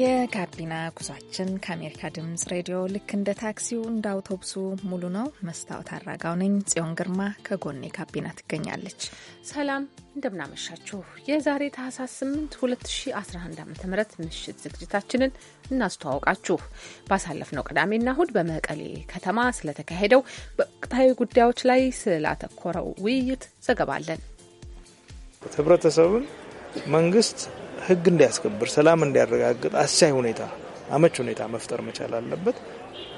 የጋቢና ጉዟችን ከአሜሪካ ድምጽ ሬዲዮ ልክ እንደ ታክሲው እንደ አውቶቡሱ ሙሉ ነው። መስታወት አራጋው ነኝ። ጽዮን ግርማ ከጎኔ ጋቢና ትገኛለች። ሰላም እንደምናመሻችሁ። የዛሬ ታህሳስ 8 2011 ዓ ም ምሽት ዝግጅታችንን እናስተዋውቃችሁ። ባሳለፍነው ቅዳሜና እሁድ በመቀሌ ከተማ ስለተካሄደው በወቅታዊ ጉዳዮች ላይ ስላተኮረው ውይይት ዘገባለን። ህብረተሰቡን መንግስት ህግ እንዲያስከብር ሰላም እንዲያረጋግጥ አስቻይ ሁኔታ አመች ሁኔታ መፍጠር መቻል አለበት።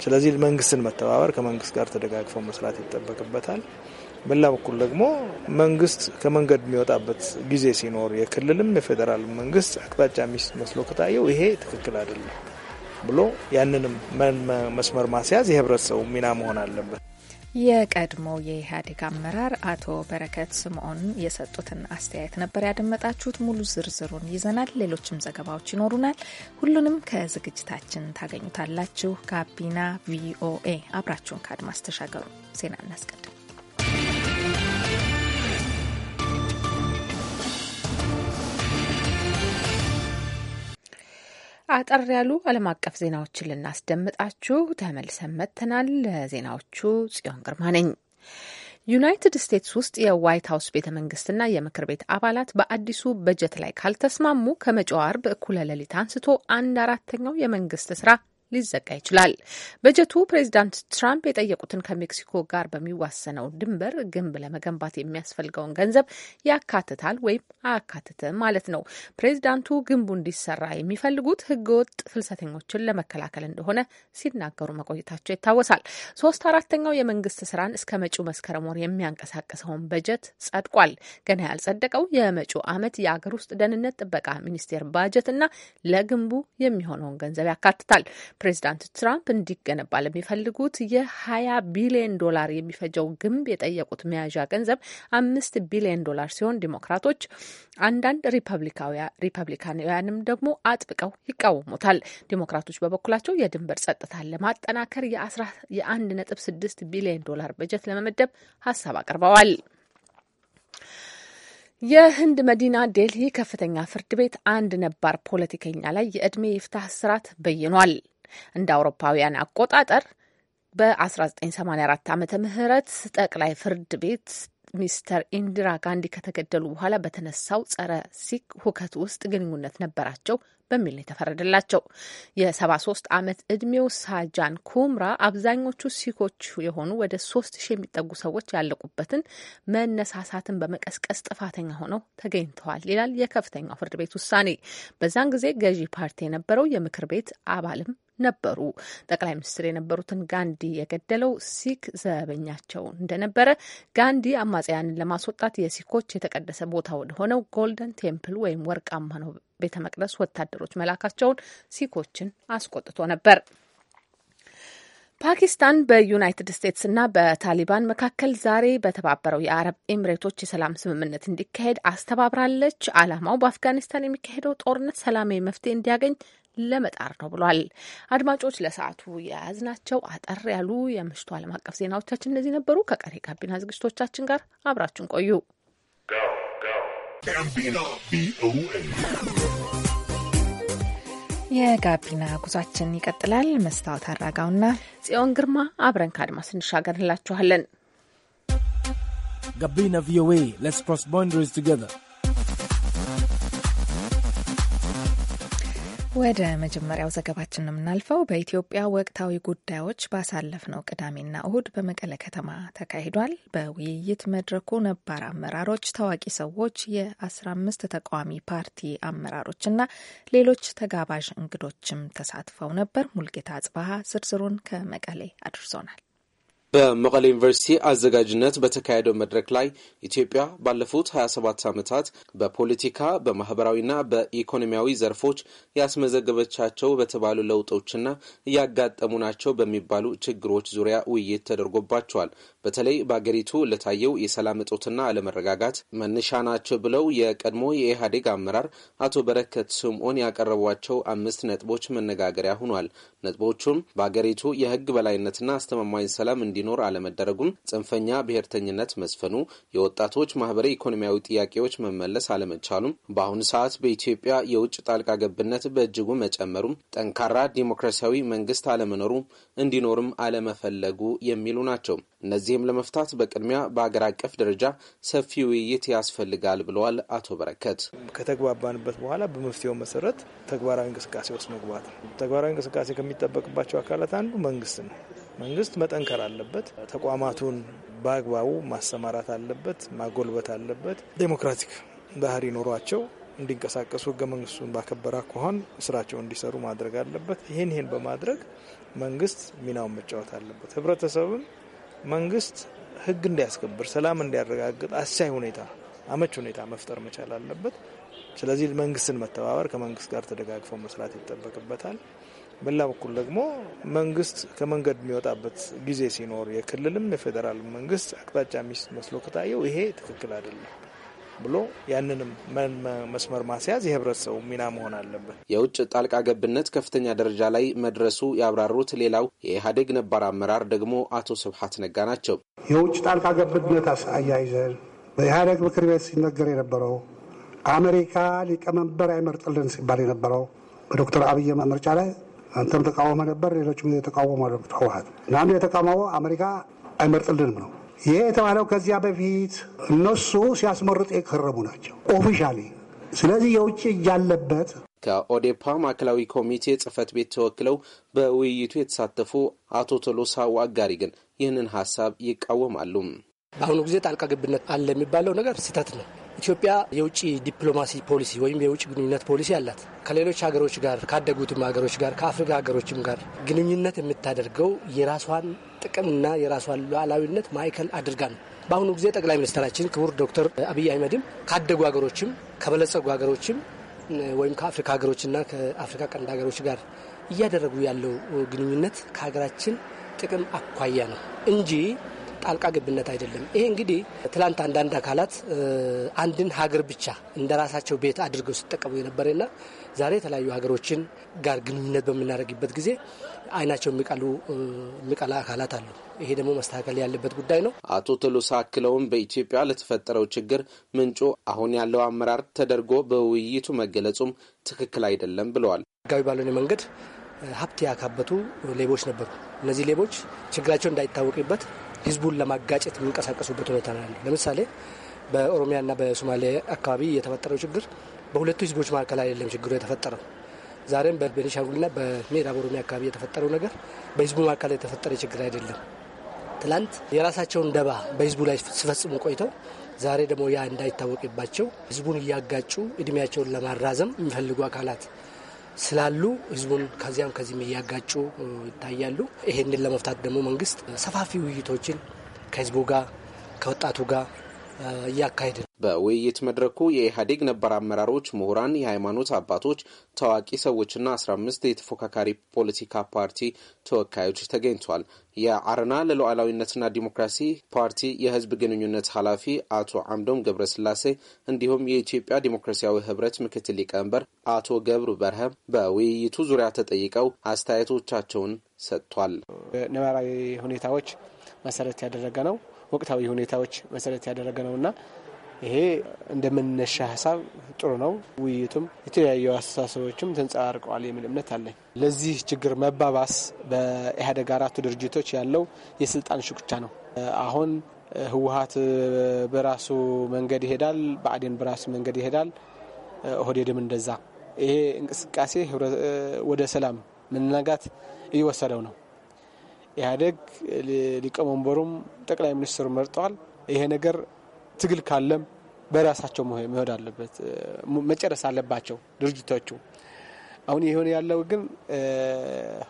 ስለዚህ መንግስትን መተባበር ከመንግስት ጋር ተደጋግፎ መስራት ይጠበቅበታል። በሌላ በኩል ደግሞ መንግስት ከመንገድ የሚወጣበት ጊዜ ሲኖር የክልልም የፌዴራል መንግስት አቅጣጫ ሚስት መስሎ ከታየው ይሄ ትክክል አይደለም ብሎ ያንንም መስመር ማስያዝ የህብረተሰቡ ሚና መሆን አለበት። የቀድሞ የኢህአዴግ አመራር አቶ በረከት ስምዖን የሰጡትን አስተያየት ነበር ያደመጣችሁት። ሙሉ ዝርዝሩን ይዘናል። ሌሎችም ዘገባዎች ይኖሩናል። ሁሉንም ከዝግጅታችን ታገኙታላችሁ። ጋቢና ቪኦኤ አብራችሁን ከአድማስ ተሻገሩ። ዜና እናስቀድም። አጠር ያሉ ዓለም አቀፍ ዜናዎችን ልናስደምጣችሁ ተመልሰን መጥተናል። ለዜናዎቹ ጽዮን ግርማ ነኝ። ዩናይትድ ስቴትስ ውስጥ የዋይት ሀውስ ቤተ መንግስትና የምክር ቤት አባላት በአዲሱ በጀት ላይ ካልተስማሙ ከመጪው አርብ እኩለ ሌሊት አንስቶ አንድ አራተኛው የመንግስት ስራ ሊዘጋ ይችላል። በጀቱ ፕሬዚዳንት ትራምፕ የጠየቁትን ከሜክሲኮ ጋር በሚዋሰነው ድንበር ግንብ ለመገንባት የሚያስፈልገውን ገንዘብ ያካትታል ወይም አያካትትም ማለት ነው። ፕሬዚዳንቱ ግንቡ እንዲሰራ የሚፈልጉት ህገወጥ ፍልሰተኞችን ለመከላከል እንደሆነ ሲናገሩ መቆየታቸው ይታወሳል። ሶስት አራተኛው የመንግስት ስራን እስከ መጪው መስከረም ወር የሚያንቀሳቀሰውን በጀት ጸድቋል። ገና ያልጸደቀው የመጪው ዓመት የአገር ውስጥ ደህንነት ጥበቃ ሚኒስቴር ባጀት እና ለግንቡ የሚሆነውን ገንዘብ ያካትታል። ፕሬዚዳንት ትራምፕ እንዲገነባ ለሚፈልጉት የ20 ቢሊዮን ዶላር የሚፈጀው ግንብ የጠየቁት መያዣ ገንዘብ አምስት ቢሊዮን ዶላር ሲሆን ዲሞክራቶች፣ አንዳንድ ሪፐብሊካውያንም ደግሞ አጥብቀው ይቃወሙታል። ዲሞክራቶች በበኩላቸው የድንበር ጸጥታን ለማጠናከር የ1.6 ቢሊዮን ዶላር በጀት ለመመደብ ሀሳብ አቅርበዋል። የህንድ መዲና ዴልሂ ከፍተኛ ፍርድ ቤት አንድ ነባር ፖለቲከኛ ላይ የእድሜ ይፍታህ እስራት በይኗል። እንደ አውሮፓውያን አቆጣጠር በ1984 ዓመተ ምህረት ጠቅላይ ፍርድ ቤት ሚስተር ኢንዲራ ጋንዲ ከተገደሉ በኋላ በተነሳው ጸረ ሲክ ሁከት ውስጥ ግንኙነት ነበራቸው በሚል ነው የተፈረደላቸው። የ73 ዓመት እድሜው ሳጃን ኩምራ አብዛኞቹ ሲኮች የሆኑ ወደ 3000 የሚጠጉ ሰዎች ያለቁበትን መነሳሳትን በመቀስቀስ ጥፋተኛ ሆነው ተገኝተዋል ይላል የከፍተኛው ፍርድ ቤት ውሳኔ። በዛን ጊዜ ገዢ ፓርቲ የነበረው የምክር ቤት አባልም ነበሩ። ጠቅላይ ሚኒስትር የነበሩትን ጋንዲ የገደለው ሲክ ዘበኛቸው እንደነበረ፣ ጋንዲ አማጽያንን ለማስወጣት የሲኮች የተቀደሰ ቦታ ወደሆነው ጎልደን ቴምፕል ወይም ወርቃማ ነው ቤተ መቅደስ ወታደሮች መላካቸውን ሲኮችን አስቆጥቶ ነበር። ፓኪስታን በዩናይትድ ስቴትስና በታሊባን መካከል ዛሬ በተባበረው የአረብ ኤምሬቶች የሰላም ስምምነት እንዲካሄድ አስተባብራለች። ዓላማው በአፍጋኒስታን የሚካሄደው ጦርነት ሰላማዊ መፍትሄ እንዲያገኝ ለመጣር ነው ብሏል። አድማጮች፣ ለሰዓቱ የያዝናቸው አጠር ያሉ የምሽቱ ዓለም አቀፍ ዜናዎቻችን እነዚህ ነበሩ። ከቀሪ ጋቢና ዝግጅቶቻችን ጋር አብራችን ቆዩ። የጋቢና ጉዟችን ይቀጥላል። መስታወት አራጋውና ጽዮን ግርማ አብረን ከአድማስ እንሻገርላችኋለን። ጋቢና ቪኦኤ ሌትስ ክሮስ ባውንደሪስ ቱጌዘር ወደ መጀመሪያው ዘገባችን የምናልፈው በኢትዮጵያ ወቅታዊ ጉዳዮች ባሳለፍነው ቅዳሜና እሁድ በመቀለ ከተማ ተካሂዷል። በውይይት መድረኩ ነባር አመራሮች፣ ታዋቂ ሰዎች፣ የ15 ተቃዋሚ ፓርቲ አመራሮችና ሌሎች ተጋባዥ እንግዶችም ተሳትፈው ነበር። ሙልጌታ አጽባሀ ዝርዝሩን ከመቀሌ አድርሶናል። በመቀሌ ዩኒቨርሲቲ አዘጋጅነት በተካሄደው መድረክ ላይ ኢትዮጵያ ባለፉት 27 ዓመታት በፖለቲካ በማህበራዊና በኢኮኖሚያዊ ዘርፎች ያስመዘገበቻቸው በተባሉ ለውጦችና እያጋጠሙ ናቸው በሚባሉ ችግሮች ዙሪያ ውይይት ተደርጎባቸዋል። በተለይ በአገሪቱ ለታየው የሰላም እጦትና አለመረጋጋት መነሻ ናቸው ብለው የቀድሞ የኢህአዴግ አመራር አቶ በረከት ስምዖን ያቀረቧቸው አምስት ነጥቦች መነጋገሪያ ሆኗል። ነጥቦቹም በአገሪቱ የህግ በላይነትና አስተማማኝ ሰላም እንዲ እንዲኖር አለመደረጉም ጽንፈኛ ብሔርተኝነት መስፈኑ፣ የወጣቶች ማህበራዊ ኢኮኖሚያዊ ጥያቄዎች መመለስ አለመቻሉም፣ በአሁኑ ሰዓት በኢትዮጵያ የውጭ ጣልቃ ገብነት በእጅጉ መጨመሩም፣ ጠንካራ ዲሞክራሲያዊ መንግስት አለመኖሩ፣ እንዲኖርም አለመፈለጉ የሚሉ ናቸው። እነዚህም ለመፍታት በቅድሚያ በአገር አቀፍ ደረጃ ሰፊ ውይይት ያስፈልጋል ብለዋል አቶ በረከት። ከተግባባንበት በኋላ በመፍትሄው መሰረት ተግባራዊ እንቅስቃሴ ውስጥ መግባት ነው። ተግባራዊ እንቅስቃሴ ከሚጠበቅባቸው አካላት አንዱ መንግስት ነው። መንግስት መጠንከር አለበት። ተቋማቱን በአግባቡ ማሰማራት አለበት፣ ማጎልበት አለበት። ዴሞክራቲክ ባህሪ ኖሯቸው እንዲንቀሳቀሱ ህገ መንግስቱን ባከበራ ከሆን ስራቸው እንዲሰሩ ማድረግ አለበት። ይህን ይህን በማድረግ መንግስት ሚናውን መጫወት አለበት። ህብረተሰብም መንግስት ህግ እንዲያስከብር፣ ሰላም እንዲያረጋግጥ አስቻይ ሁኔታ፣ አመች ሁኔታ መፍጠር መቻል አለበት። ስለዚህ መንግስትን መተባበር ከመንግስት ጋር ተደጋግፈው መስራት ይጠበቅበታል። በሌላ በኩል ደግሞ መንግስት ከመንገድ የሚወጣበት ጊዜ ሲኖር የክልልም የፌዴራል መንግስት አቅጣጫ ሚስት መስሎ ከታየው ይሄ ትክክል አይደለም ብሎ ያንንም መስመር ማስያዝ የህብረተሰቡ ሚና መሆን አለበት። የውጭ ጣልቃ ገብነት ከፍተኛ ደረጃ ላይ መድረሱ ያብራሩት ሌላው የኢህአዴግ ነባር አመራር ደግሞ አቶ ስብሀት ነጋ ናቸው። የውጭ ጣልቃ ገብነት አያይዘን በኢህአዴግ ምክር ቤት ሲነገር የነበረው አሜሪካ ሊቀመንበር አይመርጥልን ሲባል የነበረው በዶክተር አብይ ምርጫ ላይ አንተም ተቃወመ ነበር፣ ሌሎችም የተቃወሙ ህወሓት እና የተቃወመው አሜሪካ አይመርጥልንም ነው። ይሄ የተባለው ከዚያ በፊት እነሱ ሲያስመርጡ የከረሙ ናቸው ኦፊሻሊ። ስለዚህ የውጭ እጅ ያለበት ከኦዴፓ ማዕከላዊ ኮሚቴ ጽህፈት ቤት ተወክለው በውይይቱ የተሳተፉ አቶ ቶሎሳ ዋጋሪ ግን ይህንን ሀሳብ ይቃወማሉ። በአሁኑ ጊዜ ጣልቃ ገብነት አለ የሚባለው ነገር ስህተት ነው። ኢትዮጵያ የውጭ ዲፕሎማሲ ፖሊሲ ወይም የውጭ ግንኙነት ፖሊሲ አላት። ከሌሎች ሀገሮች ጋር ካደጉትም ሀገሮች ጋር ከአፍሪካ ሀገሮችም ጋር ግንኙነት የምታደርገው የራሷን ጥቅምና የራሷን ሉዓላዊነት ማዕከል አድርጋ ነው። በአሁኑ ጊዜ ጠቅላይ ሚኒስትራችን ክቡር ዶክተር አብይ አህመድም ካደጉ ሀገሮችም ከበለጸጉ ሀገሮችም ወይም ከአፍሪካ ሀገሮችና ከአፍሪካ ቀንድ ሀገሮች ጋር እያደረጉ ያለው ግንኙነት ከሀገራችን ጥቅም አኳያ ነው እንጂ ጣልቃ ግብነት አይደለም። ይሄ እንግዲህ ትላንት አንዳንድ አካላት አንድን ሀገር ብቻ እንደ ራሳቸው ቤት አድርገው ሲጠቀሙ የነበረና ዛሬ የተለያዩ ሀገሮችን ጋር ግንኙነት በምናደርግበት ጊዜ አይናቸው የሚቀላ አካላት አሉ። ይሄ ደግሞ መስተካከል ያለበት ጉዳይ ነው። አቶ ትሉሳ አክለውም በኢትዮጵያ ለተፈጠረው ችግር ምንጩ አሁን ያለው አመራር ተደርጎ በውይይቱ መገለጹም ትክክል አይደለም ብለዋል። ህጋዊ ባልሆነ መንገድ ሀብት ያካበቱ ሌቦች ነበሩ። እነዚህ ሌቦች ችግራቸው እንዳይታወቅበት ህዝቡን ለማጋጨት የሚንቀሳቀሱበት ሁኔታ ነው ለምሳሌ በኦሮሚያና በሶማሌ አካባቢ የተፈጠረው ችግር በሁለቱ ህዝቦች መካከል አይደለም ችግሩ የተፈጠረው። ዛሬም በቤኒሻንጉልና በምዕራብ ኦሮሚያ አካባቢ የተፈጠረው ነገር በህዝቡ መካከል የተፈጠረ ችግር አይደለም። ትላንት የራሳቸውን ደባ በህዝቡ ላይ ሲፈጽሙ ቆይተው ዛሬ ደግሞ ያ እንዳይታወቅባቸው ህዝቡን እያጋጩ እድሜያቸውን ለማራዘም የሚፈልጉ አካላት ስላሉ ህዝቡን ከዚያም ከዚህም እያጋጩ ይታያሉ። ይሄንን ለመፍታት ደግሞ መንግስት ሰፋፊ ውይይቶችን ከህዝቡ ጋር ከወጣቱ ጋር እያካሄድ ነው። በውይይት መድረኩ የኢህአዴግ ነባር አመራሮች፣ ምሁራን፣ የሃይማኖት አባቶች፣ ታዋቂ ሰዎችና አስራ አምስት የተፎካካሪ ፖለቲካ ፓርቲ ተወካዮች ተገኝቷል። የአረና ለሉዓላዊነትና ዲሞክራሲ ፓርቲ የህዝብ ግንኙነት ኃላፊ አቶ አምዶም ገብረስላሴ እንዲሁም የኢትዮጵያ ዲሞክራሲያዊ ህብረት ምክትል ሊቀመንበር አቶ ገብሩ በርሀ በውይይቱ ዙሪያ ተጠይቀው አስተያየቶቻቸውን ሰጥቷል። ነባራዊ ሁኔታዎች መሰረት ያደረገ ነው። ወቅታዊ ሁኔታዎች መሰረት ያደረገ ነው እና ይሄ እንደመነሻ ሀሳብ ጥሩ ነው። ውይይቱም የተለያዩ አስተሳሰቦችም ተንጸባርቀዋል የሚል እምነት አለኝ። ለዚህ ችግር መባባስ በኢህአዴግ አራቱ ድርጅቶች ያለው የስልጣን ሽኩቻ ነው። አሁን ህወሀት በራሱ መንገድ ይሄዳል፣ ብአዴን በራሱ መንገድ ይሄዳል፣ ኦህዴድም እንደዛ። ይሄ እንቅስቃሴ ወደ ሰላም መናጋት እየወሰደው ነው። ኢህአዴግ ሊቀመንበሩም ጠቅላይ ሚኒስትሩ መርጠዋል። ይሄ ነገር ትግል ካለም በራሳቸው መሄድ አለበት፣ መጨረስ አለባቸው ድርጅቶቹ። አሁን የሆነ ያለው ግን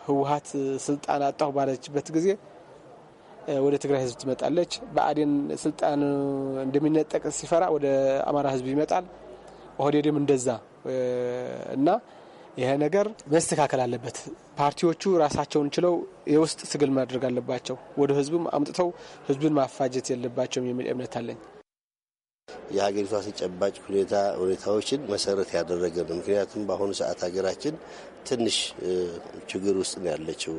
ህወሀት ስልጣን አጣሁ ባለችበት ጊዜ ወደ ትግራይ ህዝብ ትመጣለች። በአዴን ስልጣን እንደሚነጠቅ ሲፈራ ወደ አማራ ህዝብ ይመጣል። ኦህዴድም እንደዛ እና ይሄ ነገር መስተካከል አለበት። ፓርቲዎቹ ራሳቸውን ችለው የውስጥ ትግል ማድረግ አለባቸው። ወደ ህዝቡም አምጥተው ህዝብን ማፋጀት የለባቸውም የሚል እምነት አለኝ። የሀገሪቷ ተጨባጭ ሁኔታ ሁኔታዎችን መሰረት ያደረገ ነው። ምክንያቱም በአሁኑ ሰዓት ሀገራችን ትንሽ ችግር ውስጥ ነው ያለችው።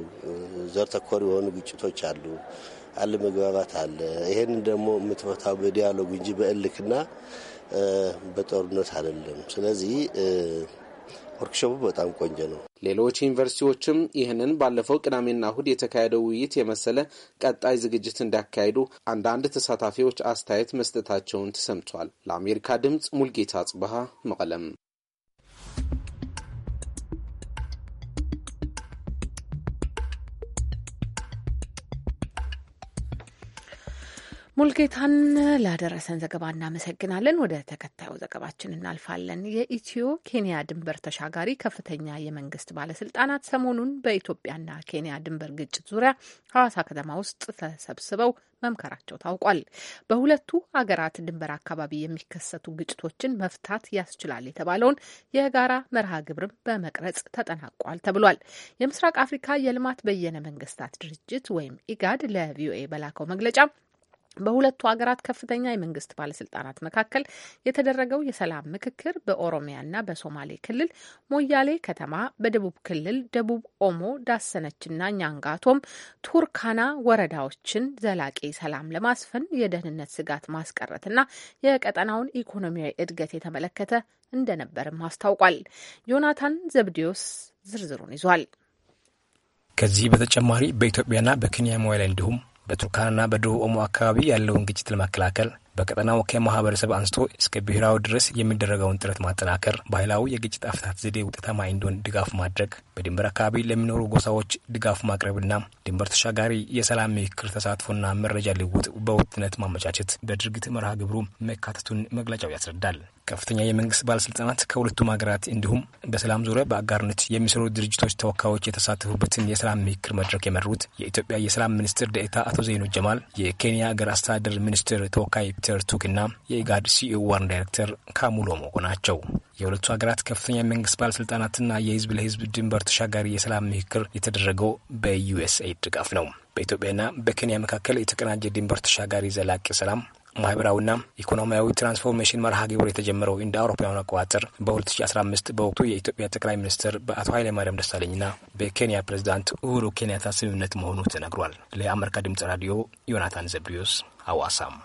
ዘር ተኮር የሆኑ ግጭቶች አሉ፣ አለመግባባት አለ። ይህንን ደግሞ የምትፈታው በዲያሎግ እንጂ በእልክና በጦርነት አይደለም። ስለዚህ ወርክሾፑ በጣም ቆንጆ ነው። ሌሎች ዩኒቨርሲቲዎችም ይህንን ባለፈው ቅዳሜና እሁድ የተካሄደው ውይይት የመሰለ ቀጣይ ዝግጅት እንዳካሄዱ አንዳንድ ተሳታፊዎች አስተያየት መስጠታቸውን ተሰምቷል። ለአሜሪካ ድምፅ ሙልጌታ ጽብሃ መቀለም ሙልጌታን ላደረሰን ዘገባ እናመሰግናለን። ወደ ተከታዩ ዘገባችን እናልፋለን። የኢትዮ ኬንያ ድንበር ተሻጋሪ ከፍተኛ የመንግስት ባለስልጣናት ሰሞኑን በኢትዮጵያና ኬንያ ድንበር ግጭት ዙሪያ ሐዋሳ ከተማ ውስጥ ተሰብስበው መምከራቸው ታውቋል። በሁለቱ አገራት ድንበር አካባቢ የሚከሰቱ ግጭቶችን መፍታት ያስችላል የተባለውን የጋራ መርሃ ግብርም በመቅረጽ ተጠናቋል ተብሏል። የምስራቅ አፍሪካ የልማት በየነ መንግስታት ድርጅት ወይም ኢጋድ ለቪኦኤ በላከው መግለጫ በሁለቱ ሀገራት ከፍተኛ የመንግስት ባለስልጣናት መካከል የተደረገው የሰላም ምክክር በኦሮሚያና በሶማሌ ክልል ሞያሌ ከተማ፣ በደቡብ ክልል ደቡብ ኦሞ ዳሰነችና ኛንጋቶም ቱርካና ወረዳዎችን ዘላቂ ሰላም ለማስፈን የደህንነት ስጋት ማስቀረትና የቀጠናውን ኢኮኖሚያዊ እድገት የተመለከተ እንደነበርም አስታውቋል። ዮናታን ዘብዲዮስ ዝርዝሩን ይዟል። ከዚህ በተጨማሪ በኢትዮጵያና በኬንያ ሞያሌ እንዲሁም በቱርካንና በደቡብ ኦሞ አካባቢ ያለውን ግጭት ለመከላከል በቀጠናው ከማህበረሰብ አንስቶ እስከ ብሔራዊ ድረስ የሚደረገውን ጥረት ማጠናከር፣ ባህላዊ የግጭት አፍታት ዘዴ ውጤታማ እንዲሆን ድጋፍ ማድረግ፣ በድንበር አካባቢ ለሚኖሩ ጎሳዎች ድጋፍ ማቅረብና ድንበር ተሻጋሪ የሰላም ምክክር ተሳትፎና መረጃ ልውውጥ በውጥነት ማመቻቸት በድርጊት መርሃ ግብሩ መካተቱን መግለጫው ያስረዳል። ከፍተኛ የመንግስት ባለስልጣናት ከሁለቱም ሀገራት እንዲሁም በሰላም ዙሪያ በአጋርነት የሚሰሩ ድርጅቶች ተወካዮች የተሳተፉበትን የሰላም ምክክር መድረክ የመሩት የኢትዮጵያ የሰላም ሚኒስትር ደኤታ አቶ ዘይኑ ጀማል፣ የኬንያ ሀገር አስተዳደር ሚኒስትር ተወካይ ፒተር ቱክና የኢጋድ ሲኢኦ ዋን ዳይሬክተር ካሙሎ ሞጎ ናቸው። የሁለቱ ሀገራት ከፍተኛ የመንግስት ባለስልጣናትና የህዝብ ለህዝብ ድንበር ተሻጋሪ የሰላም ምክክር የተደረገው በዩኤስኤ ድጋፍ ነው። በኢትዮጵያና በኬንያ መካከል የተቀናጀ ድንበር ተሻጋሪ ዘላቂ ሰላም ማህበራዊና ኢኮኖሚያዊ ትራንስፎርሜሽን መርሃ ግብር የተጀመረው እንደ አውሮፓውያኑ አቆጣጠር በ2015 በወቅቱ የኢትዮጵያ ጠቅላይ ሚኒስትር በአቶ ኃይለማርያም ደሳለኝና በኬንያ ፕሬዚዳንት ኡሁሩ ኬንያታ ስምምነት መሆኑ ተነግሯል። ለአሜሪካ ድምጽ ራዲዮ ዮናታን ዘብዮስ አዋሳም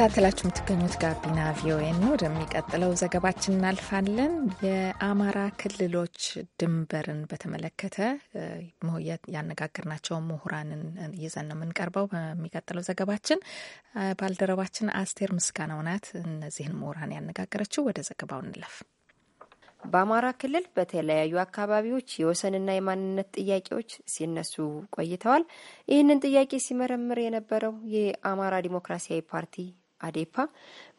እየተከታተላችሁ የምትገኙት ጋቢና ቪኦኤ ነው። ወደሚቀጥለው ዘገባችን እናልፋለን። የአማራ ክልሎች ድንበርን በተመለከተ ያነጋገርናቸው ምሁራንን ይዘን ነው የምንቀርበው። በሚቀጥለው ዘገባችን ባልደረባችን አስቴር ምስጋናው ናት እነዚህን ምሁራን ያነጋገረችው። ወደ ዘገባው እንለፍ። በአማራ ክልል በተለያዩ አካባቢዎች የወሰንና የማንነት ጥያቄዎች ሲነሱ ቆይተዋል። ይህንን ጥያቄ ሲመረምር የነበረው የአማራ ዲሞክራሲያዊ ፓርቲ አዴፓ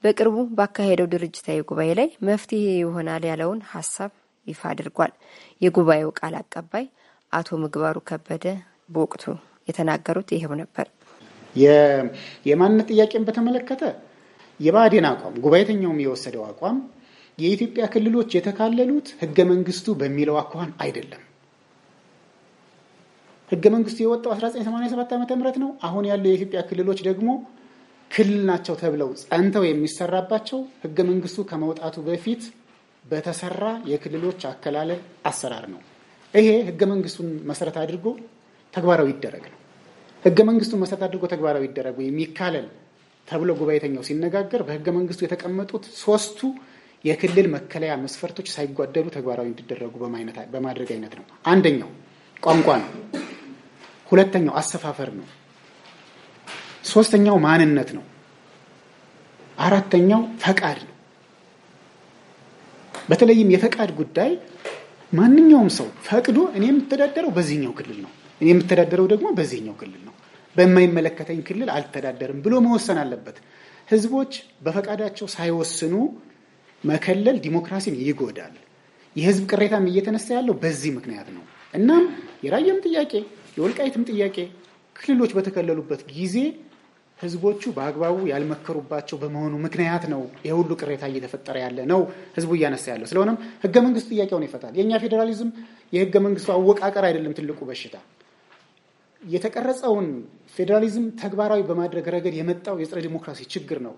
በቅርቡ ባካሄደው ድርጅታዊ ጉባኤ ላይ መፍትሄ ይሆናል ያለውን ሀሳብ ይፋ አድርጓል። የጉባኤው ቃል አቀባይ አቶ ምግባሩ ከበደ በወቅቱ የተናገሩት ይሄው ነበር። የማንነት ጥያቄን በተመለከተ የባህዴን አቋም ጉባኤተኛውም የወሰደው አቋም የኢትዮጵያ ክልሎች የተካለሉት ህገ መንግስቱ በሚለው አኳኋን አይደለም። ህገ መንግስቱ የወጣው 1987 ዓ ም ነው። አሁን ያለው የኢትዮጵያ ክልሎች ደግሞ ክልል ናቸው ተብለው ጸንተው የሚሰራባቸው ህገ መንግስቱ ከመውጣቱ በፊት በተሰራ የክልሎች አከላለል አሰራር ነው። ይሄ ህገ መንግስቱን መሰረት አድርጎ ተግባራዊ ይደረግ ነው። ህገ መንግስቱን መሰረት አድርጎ ተግባራዊ ይደረግ ወይም ይካለል ተብሎ ጉባኤተኛው ሲነጋገር በህገ መንግስቱ የተቀመጡት ሶስቱ የክልል መከለያ መስፈርቶች ሳይጓደሉ ተግባራዊ እንዲደረጉ በማድረግ አይነት ነው። አንደኛው ቋንቋ ነው። ሁለተኛው አሰፋፈር ነው። ሶስተኛው ማንነት ነው። አራተኛው ፈቃድ ነው። በተለይም የፈቃድ ጉዳይ ማንኛውም ሰው ፈቅዶ እኔ የምተዳደረው በዚህኛው ክልል ነው፣ እኔ የምተዳደረው ደግሞ በዚህኛው ክልል ነው፣ በማይመለከተኝ ክልል አልተዳደርም ብሎ መወሰን አለበት። ህዝቦች በፈቃዳቸው ሳይወስኑ መከለል ዲሞክራሲን ይጎዳል። የህዝብ ቅሬታም እየተነሳ ያለው በዚህ ምክንያት ነው። እናም የራየም ጥያቄ የወልቃይትም ጥያቄ ክልሎች በተከለሉበት ጊዜ ህዝቦቹ በአግባቡ ያልመከሩባቸው በመሆኑ ምክንያት ነው የሁሉ ቅሬታ እየተፈጠረ ያለ ነው ህዝቡ እያነሳ ያለው። ስለሆነም ህገ መንግስት ጥያቄውን ይፈታል። የእኛ ፌዴራሊዝም የህገ መንግስቱ አወቃቀር አይደለም ትልቁ በሽታ። የተቀረጸውን ፌዴራሊዝም ተግባራዊ በማድረግ ረገድ የመጣው የጸረ ዲሞክራሲ ችግር ነው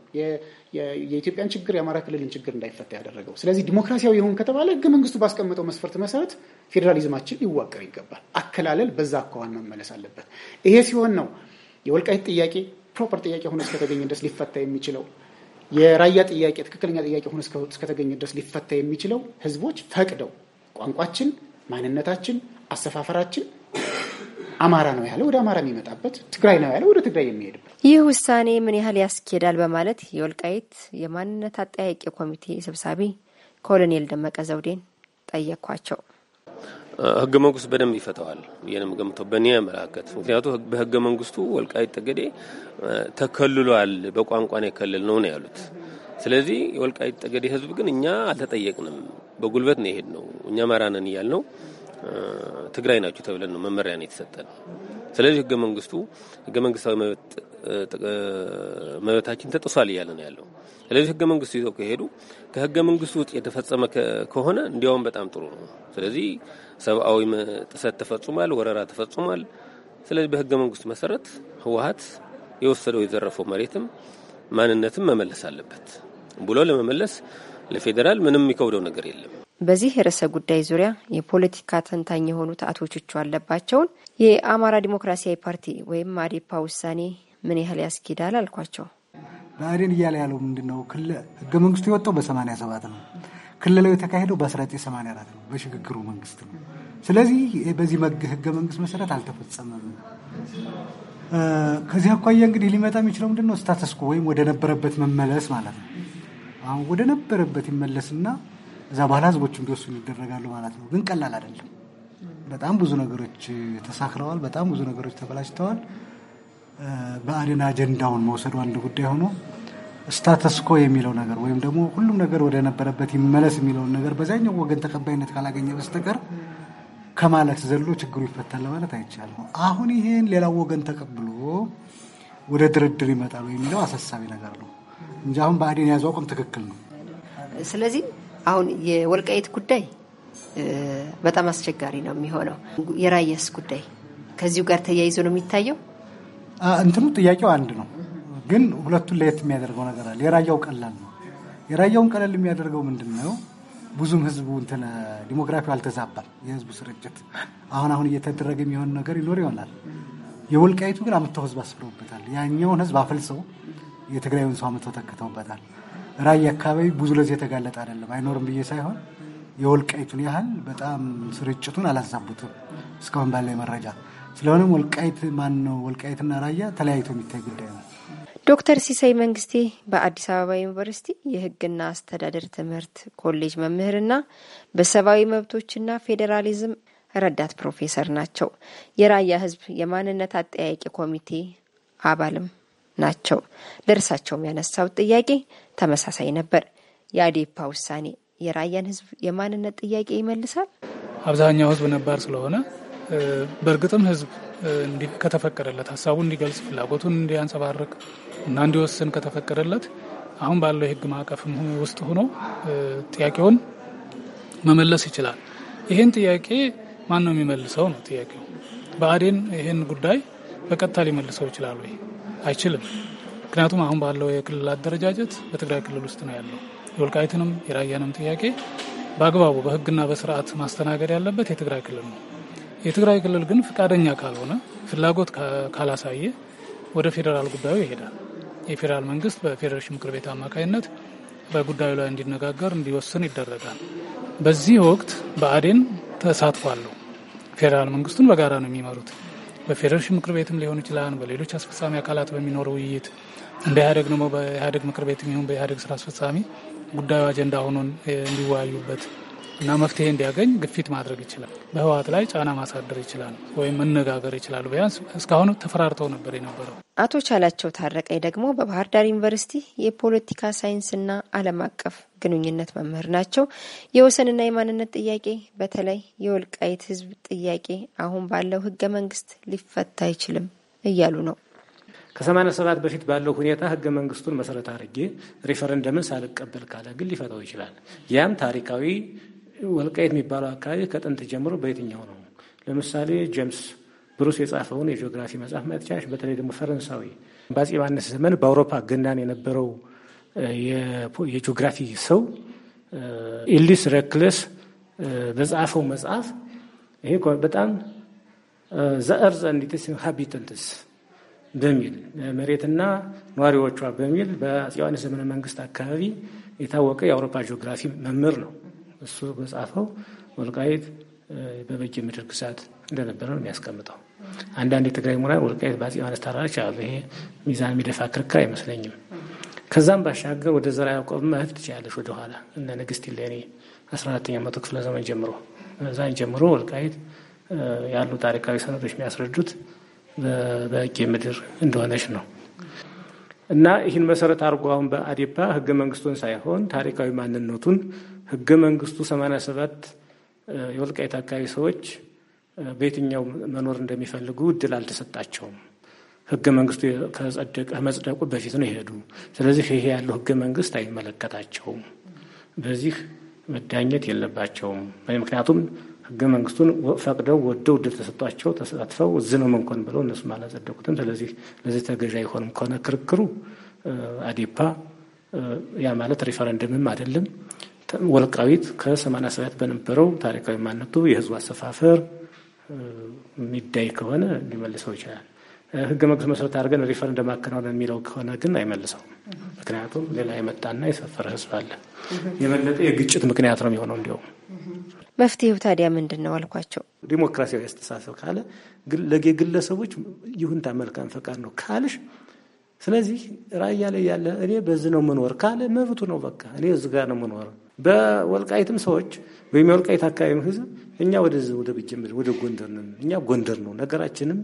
የኢትዮጵያን ችግር የአማራ ክልልን ችግር እንዳይፈታ ያደረገው። ስለዚህ ዲሞክራሲያዊ ይሁን ከተባለ ህገ መንግስቱ ባስቀመጠው መስፈርት መሰረት ፌዴራሊዝማችን ሊዋቀር ይገባል። አከላለል በዛ አኳኋን መመለስ አለበት። ይሄ ሲሆን ነው የወልቃይት ጥያቄ ፕሮፐር ጥያቄ ሆኖ እስከተገኘ ድረስ ሊፈታ የሚችለው የራያ ጥያቄ ትክክለኛ ጥያቄ ሆኖ እስከተገኘ ድረስ ሊፈታ የሚችለው ህዝቦች ፈቅደው ቋንቋችን፣ ማንነታችን፣ አሰፋፈራችን አማራ ነው ያለ ወደ አማራ የሚመጣበት፣ ትግራይ ነው ያለ ወደ ትግራይ የሚሄድበት። ይህ ውሳኔ ምን ያህል ያስኬዳል በማለት የወልቃይት የማንነት አጠያቂ ኮሚቴ ሰብሳቢ ኮሎኔል ደመቀ ዘውዴን ጠየኳቸው። ህገ መንግስት በደንብ ይፈተዋል ብዬ ነው የምገምተው በእኔ አመለካከት። ምክንያቱ በህገ መንግስቱ ወልቃይት ጠገዴ ተከልሏል፣ በቋንቋን የከልል ነው ነው ያሉት። ስለዚህ የወልቃይት ጠገዴ ህዝብ ግን እኛ አልተጠየቅንም፣ በጉልበት ነው የሄድ ነው እኛ አማራ ነን እያል ነው ትግራይ ናችሁ ተብለን ነው መመሪያ ነው የተሰጠን። ስለዚህ ህገ መንግስቱ ህገ መንግስታዊ መብታችን ተጥሷል እያለ ነው ያለው። ስለዚህ ህገ መንግስቱ ይዘው ከሄዱ ከህገ መንግስቱ ውጭ የተፈጸመ ከሆነ እንዲያውም በጣም ጥሩ ነው። ስለዚህ ሰብአዊ ጥሰት ተፈጽሟል፣ ወረራ ተፈጽሟል። ስለዚህ በህገ መንግስቱ መሰረት ህወሀት የወሰደው የዘረፈው መሬትም ማንነትም መመለስ አለበት ብሎ ለመመለስ ለፌዴራል ምንም የሚከብደው ነገር የለም። በዚህ ርዕሰ ጉዳይ ዙሪያ የፖለቲካ ተንታኝ የሆኑት አቶ ቹቹ አለባቸውን የአማራ ዲሞክራሲያዊ ፓርቲ ወይም አዴፓ ውሳኔ ምን ያህል ያስኪዳል አልኳቸው። ብአዴን እያለ ያለው ምንድን ነው? ህገ መንግስቱ የወጣው በሰማንያ ሰባት ነው። ክልላዊ የተካሄደው በ1984 ነው፣ በሽግግሩ መንግስት ነው። ስለዚህ በዚህ ህገ መንግስት መሰረት አልተፈጸመም። ከዚህ አኳያ እንግዲህ ሊመጣ የሚችለው ምንድን ነው? ስታተስኮ ወይም ወደ ነበረበት መመለስ ማለት ነው። አሁን ወደ ነበረበት ይመለስና እዛ ህዝቦች እንዲወስኑ ይደረጋሉ ማለት ነው። ግን ቀላል አይደለም። በጣም ብዙ ነገሮች ተሳክረዋል። በጣም ብዙ ነገሮች ተበላሽተዋል። በአዴን አጀንዳውን መውሰዱ አንድ ጉዳይ ሆኖ ስታተስኮ የሚለው ነገር ወይም ደግሞ ሁሉም ነገር ወደ ነበረበት ይመለስ የሚለውን ነገር በዛኛው ወገን ተቀባይነት ካላገኘ በስተቀር ከማለት ዘሎ ችግሩ ይፈታል ለማለት አይቻልም። አሁን ይሄን ሌላው ወገን ተቀብሎ ወደ ድርድር ይመጣሉ የሚለው አሳሳቢ ነገር ነው እንጂ አሁን በአዴን የያዘው አቋም ትክክል ነው። ስለዚህ አሁን የወልቃይት ጉዳይ በጣም አስቸጋሪ ነው የሚሆነው። የራያስ ጉዳይ ከዚሁ ጋር ተያይዞ ነው የሚታየው። እንትኑ ጥያቄው አንድ ነው፣ ግን ሁለቱን ለየት የሚያደርገው ነገር አለ። የራያው ቀላል ነው። የራያውን ቀለል የሚያደርገው ምንድን ነው? ብዙም ህዝቡ እንትን ዲሞግራፊ አልተዛባም። የህዝቡ ስርጭት አሁን አሁን እየተደረገ የሚሆን ነገር ይኖር ይሆናል። የወልቃይቱ ግን አምጥተው ህዝብ አስፍረውበታል። ያኛውን ህዝብ አፈልሰው የትግራዩን ሰው አምጥተው ተክተውበታል። ራያ አካባቢ ብዙ ለዚህ የተጋለጠ አይደለም። አይኖርም ብዬ ሳይሆን የወልቃይቱን ያህል በጣም ስርጭቱን አላዛቡትም እስካሁን ባለ መረጃ። ስለሆነም ወልቃይት ማን ነው ወልቃይትና ራያ ተለያይቶ የሚታይ ጉዳይ ነው። ዶክተር ሲሳይ መንግስቴ በአዲስ አበባ ዩኒቨርሲቲ የህግና አስተዳደር ትምህርት ኮሌጅ መምህርና በሰብአዊ መብቶችና ፌዴራሊዝም ረዳት ፕሮፌሰር ናቸው። የራያ ህዝብ የማንነት አጠያቂ ኮሚቴ አባልም ናቸው። ለእርሳቸውም ያነሳው ጥያቄ ተመሳሳይ ነበር። የአዴፓ ውሳኔ የራያን ህዝብ የማንነት ጥያቄ ይመልሳል? አብዛኛው ህዝብ ነባር ስለሆነ በእርግጥም ህዝብ ከተፈቀደለት ሀሳቡን እንዲገልጽ ፍላጎቱን እንዲያንጸባርቅ እና እንዲወስን ከተፈቀደለት አሁን ባለው የህግ ማዕቀፍ ውስጥ ሆኖ ጥያቄውን መመለስ ይችላል። ይህን ጥያቄ ማን ነው የሚመልሰው ነው ጥያቄው። በአዴን ይህን ጉዳይ በቀጥታ ሊመልሰው ይችላል ወይ? አይችልም። ምክንያቱም አሁን ባለው የክልል አደረጃጀት በትግራይ ክልል ውስጥ ነው ያለው። የወልቃይትንም የራያንም ጥያቄ በአግባቡ በሕግና በስርዓት ማስተናገድ ያለበት የትግራይ ክልል ነው። የትግራይ ክልል ግን ፈቃደኛ ካልሆነ፣ ፍላጎት ካላሳየ ወደ ፌዴራል ጉዳዩ ይሄዳል። የፌዴራል መንግስት በፌዴሬሽን ምክር ቤት አማካኝነት በጉዳዩ ላይ እንዲነጋገር እንዲወስን ይደረጋል። በዚህ ወቅት በአዴን ተሳትፏለሁ። ፌዴራል መንግስቱን በጋራ ነው የሚመሩት። በፌዴሬሽን ምክር ቤትም ሊሆን ይችላል፣ በሌሎች አስፈጻሚ አካላት በሚኖር ውይይት እንደ ኢህአዴግ ደግሞ በኢህአዴግ ምክር ቤትም ይሁን በኢህአዴግ ስራ አስፈጻሚ ጉዳዩ አጀንዳ ሆኖ እንዲወያዩበት እና መፍትሄ እንዲያገኝ ግፊት ማድረግ ይችላል። በህወሓት ላይ ጫና ማሳደር ይችላል ወይም መነጋገር ይችላል። ቢያንስ እስካሁን ተፈራርተው ነበር የነበረው። አቶ ቻላቸው ታረቀኝ ደግሞ በባህር ዳር ዩኒቨርሲቲ የፖለቲካ ሳይንስና ዓለም አቀፍ ግንኙነት መምህር ናቸው። የወሰንና የማንነት ጥያቄ በተለይ የወልቃይት ህዝብ ጥያቄ አሁን ባለው ህገ መንግስት ሊፈታ አይችልም እያሉ ነው። ከሰማንያ ሰባት በፊት ባለው ሁኔታ ህገ መንግስቱን መሰረት አድርጌ ሪፈረንደምን ሳልቀበል ካለ ግን ሊፈታው ይችላል። ያም ታሪካዊ ወልቃይት የሚባለው አካባቢ ከጥንት ጀምሮ በየትኛው ነው? ለምሳሌ ጀምስ ብሩስ የጻፈውን የጂኦግራፊ መጽሐፍ ማየት በተለይ ደግሞ ፈረንሳዊ በአፄ ዮሐንስ ዘመን በአውሮፓ ገናን የነበረው የጂኦግራፊ ሰው ኢሊስ ረክለስ በጻፈው መጽሐፍ ይሄ በጣም ዘእርዘ እንዲትስ ሀቢተንትስ በሚል መሬትና ነዋሪዎቿ በሚል በአፄ ዮሐንስ ዘመነ መንግስት አካባቢ የታወቀ የአውሮፓ ጂኦግራፊ መምህር ነው። እሱ በጻፈው ወልቃይት በበጌ ምድር ግዛት እንደነበረ ነው የሚያስቀምጠው። አንዳንድ የትግራይ ምሁራን ወልቃይት በአፄ ዮሐንስ ታራለች አሉ። ይሄ ሚዛን የሚደፋ ክርክር አይመስለኝም። ከዛም ባሻገር ወደ ዘርዓ ያዕቆብ መሄድ ትችላለች። ወደኋላ እነ ንግስት እሌኒ አስራ አራተኛ መቶ ክፍለ ዘመን ጀምሮ እዛን ጀምሮ ወልቃይት ያሉ ታሪካዊ ሰነዶች የሚያስረዱት በበጌ ምድር እንደሆነች ነው። እና ይህን መሰረት አድርጎ አሁን በአዴፓ ህገ መንግስቱን ሳይሆን ታሪካዊ ማንነቱን ህገ መንግስቱ 87 ሰባት የወልቃይት አካባቢ ሰዎች በየትኛው መኖር እንደሚፈልጉ እድል አልተሰጣቸውም። ህገ መንግስቱ ከጸደቀ መጽደቁ በፊት ነው ይሄዱ። ስለዚህ ይሄ ያለው ህገ መንግስት አይመለከታቸውም። በዚህ መዳኘት የለባቸውም። ምክንያቱም ህገ መንግስቱን ፈቅደው ወደው እድል ተሰጧቸው ተሳትፈው እዚህ ነው መንኮን ብለው እነሱ አላጸደቁትም። ስለዚህ ለዚህ ተገዥ አይሆንም። ከሆነ ክርክሩ አዴፓ ያ ማለት ሪፈረንደምም አይደለም ወልቃዊት ከ87 በነበረው ታሪካዊ ማነቱ የህዝቡ አሰፋፈር የሚዳይ ከሆነ ሊመልሰው ይችላል። ህገ መንግስት መሰረት አድርገን ሪፈር እንደማከናወን የሚለው ከሆነ ግን አይመልሰውም። ምክንያቱም ሌላ የመጣና የሰፈረ ህዝብ አለ። የበለጠ የግጭት ምክንያት ነው የሚሆነው። እንዲሁም መፍትሄው ታዲያ ምንድን ነው አልኳቸው። ዲሞክራሲያዊ አስተሳሰብ ካለ ለግለሰቦች ይሁንታ መልካም ፈቃድ ነው ካልሽ ስለዚህ ራያ ላይ ያለ እኔ በዚህ ነው ምኖር ካለ መብቱ ነው። በቃ እኔ እዚህ ጋር ነው ምኖር በወልቃይትም ሰዎች ወይም የወልቃይት አካባቢ ህዝብ እኛ ወደዚህ ወደ ብጀምር ወደ ጎንደር ነው። እኛ ጎንደር ነው ነገራችንም፣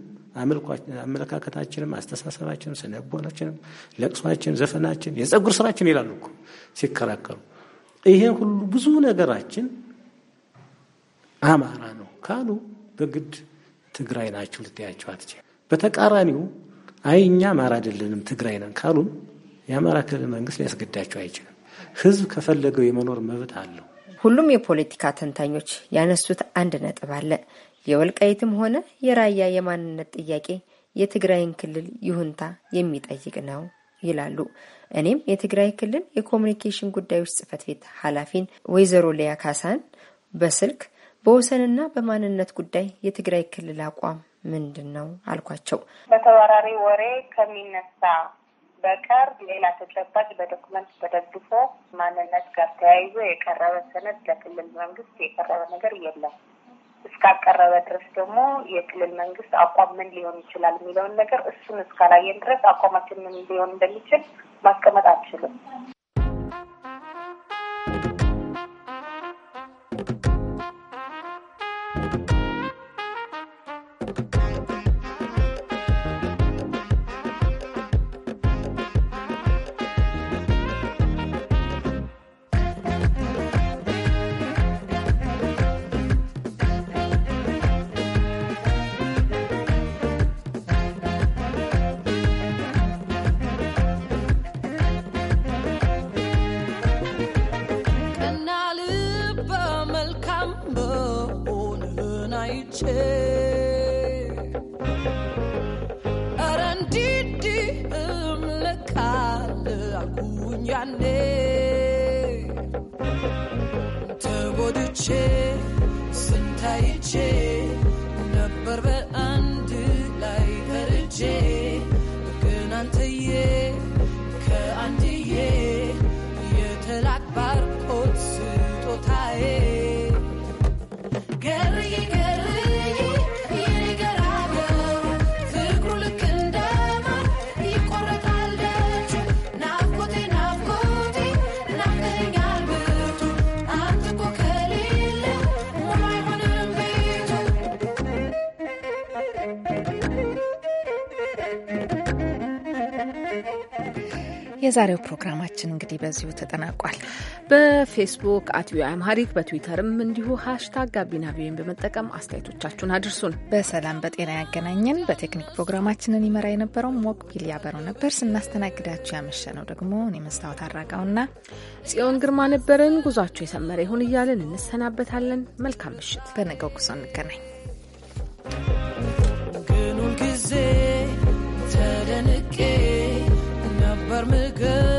አመለካከታችንም፣ አስተሳሰባችንም፣ ስነቦናችንም፣ ለቅሷችን፣ ዘፈናችን፣ የጸጉር ስራችን ይላሉ እኮ ሲከራከሩ። ይሄ ሁሉ ብዙ ነገራችን አማራ ነው ካሉ በግድ ትግራይ ናቸው ልትያቸው አትችል። በተቃራኒው አይ እኛ አማራ አይደለንም ትግራይ ነን ካሉም የአማራ ክልል መንግስት ሊያስገዳቸው አይችልም። ህዝብ ከፈለገው የመኖር መብት አለው። ሁሉም የፖለቲካ ተንታኞች ያነሱት አንድ ነጥብ አለ። የወልቃይትም ሆነ የራያ የማንነት ጥያቄ የትግራይን ክልል ይሁንታ የሚጠይቅ ነው ይላሉ። እኔም የትግራይ ክልል የኮሚኒኬሽን ጉዳዮች ጽህፈት ቤት ኃላፊን ወይዘሮ ሊያ ካሳን በስልክ በወሰንና በማንነት ጉዳይ የትግራይ ክልል አቋም ምንድን ነው አልኳቸው። በተባራሪ ወሬ ከሚነሳ በቀር ሌላ ተጨባጭ በዶክመንት ተደግፎ ማንነት ጋር ተያይዞ የቀረበ ሰነድ ለክልል መንግስት የቀረበ ነገር የለም። እስካቀረበ ድረስ ደግሞ የክልል መንግስት አቋም ምን ሊሆን ይችላል የሚለውን ነገር እሱን እስካላየን ድረስ አቋማችን ምን ሊሆን እንደሚችል ማስቀመጥ አልችልም። የዛሬው ፕሮግራማችን እንግዲህ በዚሁ ተጠናቋል። በፌስቡክ አት ቪኦኤ አምሃሪክ በትዊተርም እንዲሁ ሀሽታግ ጋቢና ቪኦኤን በመጠቀም አስተያየቶቻችሁን አድርሱን። በሰላም በጤና ያገናኘን። በቴክኒክ ፕሮግራማችንን ይመራ የነበረው ሞቅ ቢል ያበረው ነበር። ስናስተናግዳችሁ ያመሸ ነው ደግሞ እኔ መስታወት አራጋውና ጽዮን ግርማ ነበርን። ጉዟችሁ የሰመረ ይሁን እያልን እንሰናበታለን። መልካም ምሽት። በነገው ጉዞ እንገናኝ። But good.